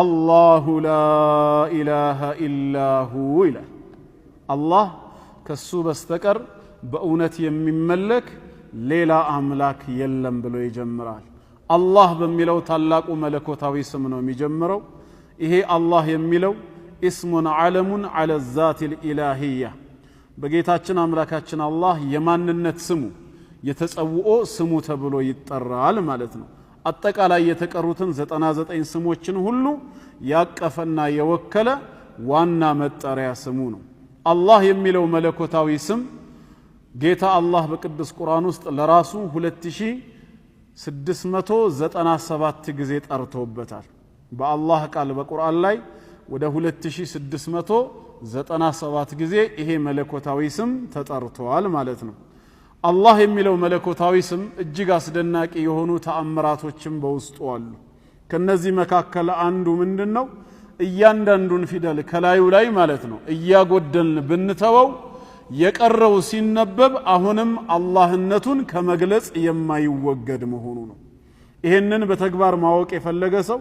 አላሁ ላ ኢላሃ ኢላሁ ይላል። አላህ ከሱ በስተቀር በእውነት የሚመለክ ሌላ አምላክ የለም ብሎ ይጀምራል። አላህ በሚለው ታላቁ መለኮታዊ ስም ነው የሚጀምረው። ይሄ አላህ የሚለው ኢስሙን ዓለሙን ዓለ ዛት ልኢላህያ በጌታችን አምላካችን አላህ የማንነት ስሙ የተጸውኦ ስሙ ተብሎ ይጠራል ማለት ነው። አጠቃላይ የተቀሩትን 99 ስሞችን ሁሉ ያቀፈና የወከለ ዋና መጠሪያ ስሙ ነው። አላህ የሚለው መለኮታዊ ስም ጌታ አላህ በቅዱስ ቁርአን ውስጥ ለራሱ 2697 ጊዜ ጠርቶበታል። በአላህ ቃል በቁርአን ላይ ወደ 2697 ጊዜ ይሄ መለኮታዊ ስም ተጠርቷል ማለት ነው። አላህ የሚለው መለኮታዊ ስም እጅግ አስደናቂ የሆኑ ተአምራቶችም በውስጡ አሉ። ከነዚህ መካከል አንዱ ምንድን ነው? እያንዳንዱን ፊደል ከላዩ ላይ ማለት ነው እያጎደልን ብንተወው የቀረው ሲነበብ አሁንም አላህነቱን ከመግለጽ የማይወገድ መሆኑ ነው። ይህንን በተግባር ማወቅ የፈለገ ሰው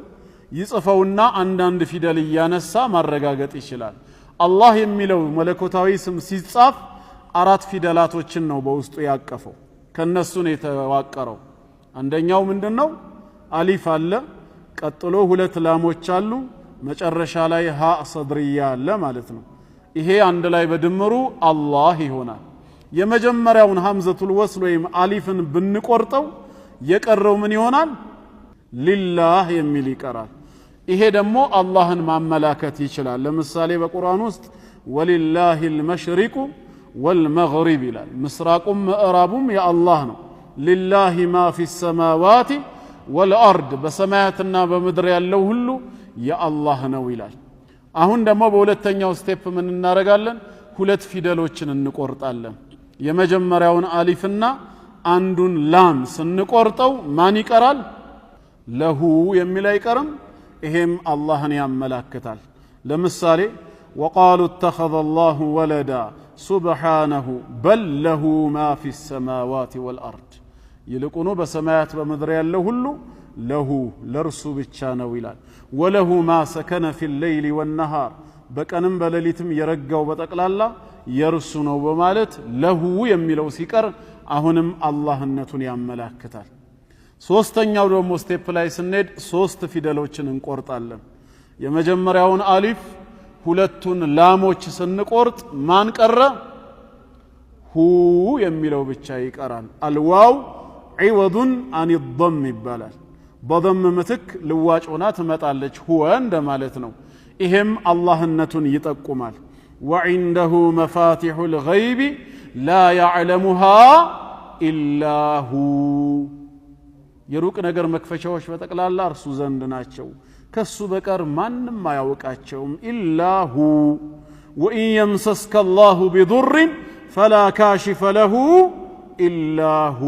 ይጽፈውና አንዳንድ ፊደል እያነሳ ማረጋገጥ ይችላል። አላህ የሚለው መለኮታዊ ስም ሲጻፍ አራት ፊደላቶችን ነው በውስጡ ያቀፈው። ከነሱ ነው የተዋቀረው። አንደኛው ምንድን ነው? አሊፍ አለ። ቀጥሎ ሁለት ላሞች አሉ። መጨረሻ ላይ ሀ ሰድርያ አለ ማለት ነው። ይሄ አንድ ላይ በድምሩ አላህ ይሆናል። የመጀመሪያውን ሀምዘቱል ወስል ወይም አሊፍን ብንቆርጠው የቀረው ምን ይሆናል? ሊላህ የሚል ይቀራል። ይሄ ደግሞ አላህን ማመላከት ይችላል። ለምሳሌ በቁርአን ውስጥ ወሊላሂል መሽሪቁ ወልመግሪብ ይላል። ምስራቁም ምዕራቡም የአላህ ነው። ሊላሂ ማ ፊ ሰማዋት ወልአርድ፣ በሰማያትና በምድር ያለው ሁሉ የአላህ ነው ይላል። አሁን ደግሞ በሁለተኛው ስቴፕ ምን እናደርጋለን? ሁለት ፊደሎችን እንቆርጣለን። የመጀመሪያውን አሊፍና አንዱን ላም ስንቆርጠው ማን ይቀራል? ለሁ የሚል አይቀርም። ይሄም አላህን ያመላክታል። ለምሳሌ ወቃሉ እተኸዘ አላሁ ወለዳ ሱብሓነሁ በል ለሁ ማ ፊ ሰማዋት ወልአርድ ይልቁኑ በሰማያት በምድር ያለው ሁሉ ለሁ ለእርሱ ብቻ ነው ይላል ወለሁ ማ ሰከነ ፊ ሌይሊ ወነሃር በቀንም በሌሊትም የረጋው በጠቅላላ የእርሱ ነው በማለት ለሁ የሚለው ሲቀር አሁንም አላህነቱን ያመላክታል ሦስተኛው ደግሞ ስቴፕ ላይ ስንሄድ ሦስት ፊደሎችን እንቆርጣለን የመጀመሪያውን አሊፍ ሁለቱን ላሞች ስንቆርጥ ማን ቀረ? ሁ የሚለው ብቻ ይቀራል። አልዋው ዒወዱን አን ደም ይባላል። በደም ምትክ ልዋጭ ሆና ትመጣለች። ሁወ እንደማለት ነው። ይሄም አላህነቱን ይጠቁማል። ወዒንደሁ መፋቲሑ ልገይቢ ላ ያዕለሙሃ ኢላ ሁ የሩቅ ነገር መክፈቻዎች በጠቅላላ እርሱ ዘንድ ናቸው። ከሱ በቀር ማንም አያውቃቸውም ኢላሁ ወኢን የምሰስከ አላሁ ቢዱርን ፈላ ካሽፈ ለሁ ኢላሁ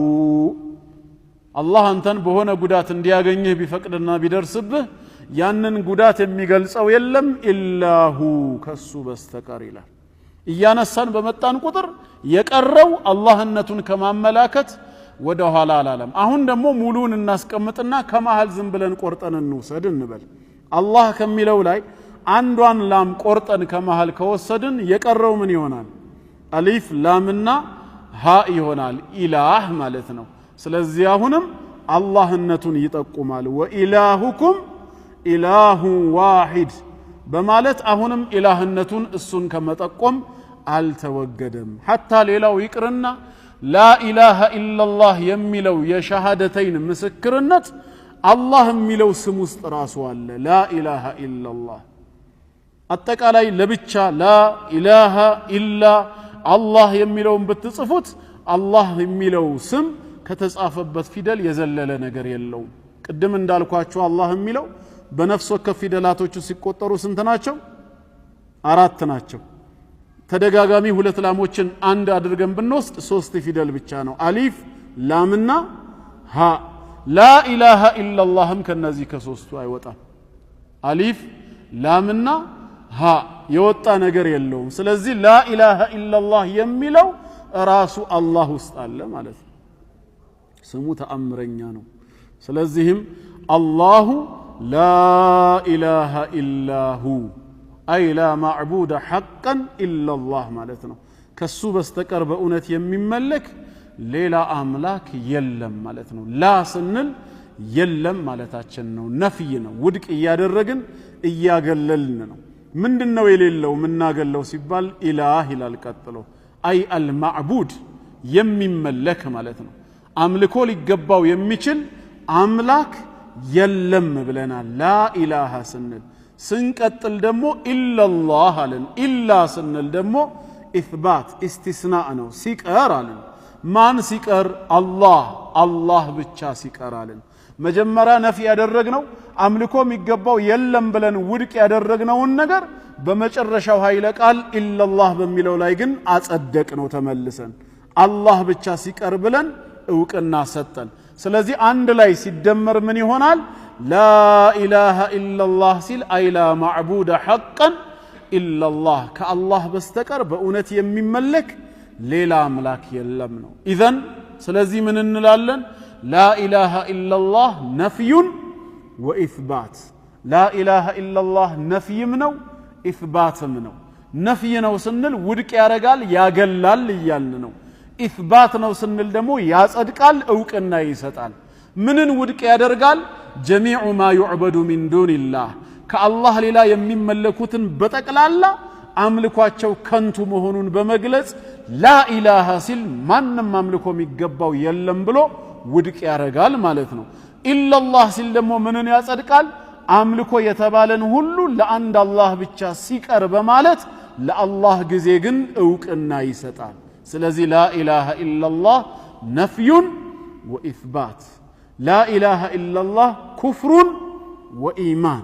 አላህ አንተን በሆነ ጉዳት እንዲያገኝህ ቢፈቅድና ቢደርስብህ ያንን ጉዳት የሚገልጸው የለም ኢላሁ ከሱ በስተቀር ይላል እያነሳን በመጣን ቁጥር የቀረው አላህነቱን ከማመላከት ወደ ኋላ አላለም። አሁን ደግሞ ሙሉን እናስቀምጥና ከመሃል ዝም ብለን ቆርጠን እንውሰድ እንበል። አላህ ከሚለው ላይ አንዷን ላም ቆርጠን ከመሃል ከወሰድን የቀረው ምን ይሆናል? አሊፍ ላምና ሀ ይሆናል። ኢላህ ማለት ነው። ስለዚህ አሁንም አላህነቱን ይጠቁማል። ወኢላሁኩም ኢላሁ ዋሂድ በማለት አሁንም ኢላህነቱን እሱን ከመጠቆም አልተወገደም። ሐታ ሌላው ይቅርና ላኢላሃ ኢላላህ የሚለው የሸሃደተይን ምስክርነት አላህ የሚለው ስም ውስጥ ራሱ አለ። ላኢላሃ ኢላላህ አጠቃላይ ለብቻ ላኢላሃ ኢላ አላህ የሚለውን ብትጽፉት አላህ የሚለው ስም ከተጻፈበት ፊደል የዘለለ ነገር የለውም። ቅድም እንዳልኳቸው አላህ የሚለው በነፍስ ወከፍ ፊደላቶቹ ሲቆጠሩ ስንት ናቸው? አራት ናቸው። ተደጋጋሚ ሁለት ላሞችን አንድ አድርገን ብንወስድ ሶስት ፊደል ብቻ ነው። አሊፍ ላምና ሃ ላኢላሃ ኢላላህም ከነዚህ ከሶስቱ አይወጣም። አሊፍ ላምና ሃ የወጣ ነገር የለውም። ስለዚህ ላኢላሃ ኢላላህ የሚለው ራሱ አላህ ውስጥ አለ ማለት ነው። ስሙ ተአምረኛ ነው። ስለዚህም አላሁ ላኢላሃ ኢላሁ አይ ላ ማዕቡደ ሐቀን ኢላላህ ማለት ነው። ከሱ በስተቀር በእውነት የሚመለክ ሌላ አምላክ የለም ማለት ነው። ላ ስንል የለም ማለታችን ነው። ነፍይ ነው። ውድቅ እያደረግን እያገለልን ነው። ምንድን ነው የሌለው የምናገለው ሲባል ኢላህ ይላል ቀጥሎ። አይ አልማዕቡድ የሚመለክ ማለት ነው። አምልኮ ሊገባው የሚችል አምላክ የለም ብለናል ላ ኢላሃ ስንል ስንቀጥል ደግሞ ኢላላህ አለን። ኢላ ስንል ደግሞ ኢትባት ኢስቲስናእ ነው፣ ሲቀር አለን። ማን ሲቀር? አላህ አላህ ብቻ ሲቀር አለን። መጀመሪያ ነፊ ያደረግነው አምልኮ የሚገባው የለም ብለን ውድቅ ያደረግነውን ነገር በመጨረሻው ኃይለ ቃል ኢላላህ በሚለው ላይ ግን አጸደቅ ነው። ተመልሰን አላህ ብቻ ሲቀር ብለን እውቅና ሰጠን። ስለዚህ አንድ ላይ ሲደመር ምን ይሆናል? ላኢላሃ ኢላላህ ሲል አይላ ማዕቡደ ሐቀን ኢላላህ ከአላህ በስተቀር በእውነት የሚመለክ ሌላ አምላክ የለም ነው። ኢዘን ስለዚህ ምን እንላለን? ላኢላሃ ኢላላህ ነፍዩን ወኢትባት። ላኢላሃ ኢላላህ ነፍይም ነው ኢትባትም ነው። ነፍይ ነው ስንል ውድቅ ያደርጋል ያገላል እያልን ነው። ኢስባት ነው ስንል ደግሞ ያጸድቃል፣ እውቅና ይሰጣል። ምንን ውድቅ ያደርጋል? ጀሚዑ ማ ዩዕበዱ ሚን ዱንላህ ከአላህ ሌላ የሚመለኩትን በጠቅላላ አምልኳቸው ከንቱ መሆኑን በመግለጽ ላኢላሃ ሲል ማንም አምልኮ የሚገባው የለም ብሎ ውድቅ ያደርጋል ማለት ነው። ኢለላህ ሲል ደግሞ ምንን ያጸድቃል? አምልኮ የተባለን ሁሉ ለአንድ አላህ ብቻ ሲቀር በማለት ለአላህ ጊዜ ግን እውቅና ይሰጣል። ስለዚህ ላኢላሃ ኢላላህ ነፍዩን ወኢትባት ላኢላሃ ኢላላህ ኩፍሩን ወኢማን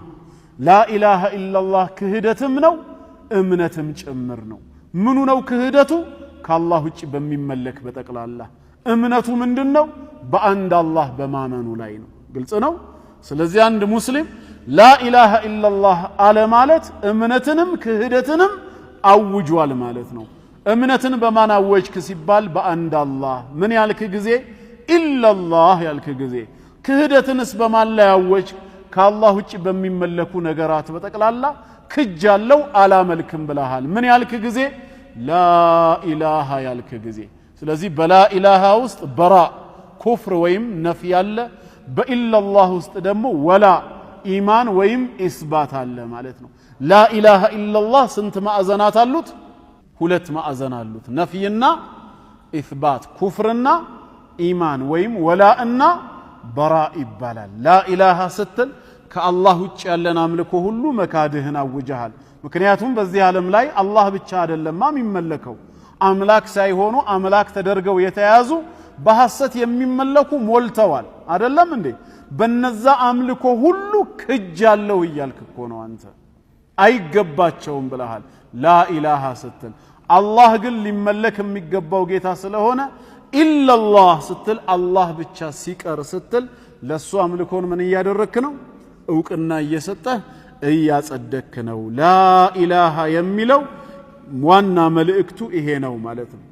ላኢላሃ ኢላላህ ክህደትም ነው እምነትም ጭምር ነው ምኑ ነው ክህደቱ ከአላህ ውጭ በሚመለክ በጠቅላላ እምነቱ ምንድን ነው በአንድ አላህ በማመኑ ላይ ነው ግልጽ ነው ስለዚህ አንድ ሙስሊም ላኢላሃ ኢላላህ አለ ማለት እምነትንም ክህደትንም አውጇል ማለት ነው እምነትን በማናወጅክ ሲባል በአንድ አላህ። ምን ያልክ ጊዜ ኢላላህ ያልክ ጊዜ። ክህደትንስ በማን ላይ አወጅክ? ከአላህ ውጭ በሚመለኩ ነገራት በጠቅላላ ክጃለው አላመልክም ብለሃል። ምን ያልክ ጊዜ ላኢላሃ ያልክ ጊዜ። ስለዚህ በላኢላሃ ውስጥ በራ ኩፍር ወይም ነፍ ያለ፣ በኢላላህ ውስጥ ደግሞ ወላ ኢማን ወይም ኢስባት አለ ማለት ነው። ላኢላሃ ኢላላህ ስንት ማዕዘናት አሉት? ሁለት ማዕዘን አሉት። ነፍይና ኢትባት፣ ኩፍርና ኢማን ወይም ወላ እና በራ ይባላል። ላኢላሃ ስትል ከአላህ ውጭ ያለን አምልኮ ሁሉ መካድህን አውጀሃል። ምክንያቱም በዚህ ዓለም ላይ አላህ ብቻ አይደለማ የሚመለከው አምላክ ሳይሆኑ አምላክ ተደርገው የተያዙ በሐሰት የሚመለኩ ሞልተዋል። አደለም እንዴ? በነዛ አምልኮ ሁሉ ክጅ አለው እያልክ እኮ ነው አንተ። አይገባቸውም ብለሃል ላኢላሃ ስትል አላህ ግን ሊመለክ የሚገባው ጌታ ስለሆነ ኢለላህ ስትል አላህ ብቻ ሲቀር ስትል ለእሱ አምልኮን ምን እያደረክ ነው? እውቅና እየሰጠህ እያጸደክ ነው። ላኢላሃ የሚለው ዋና መልእክቱ ይሄ ነው ማለት ነው።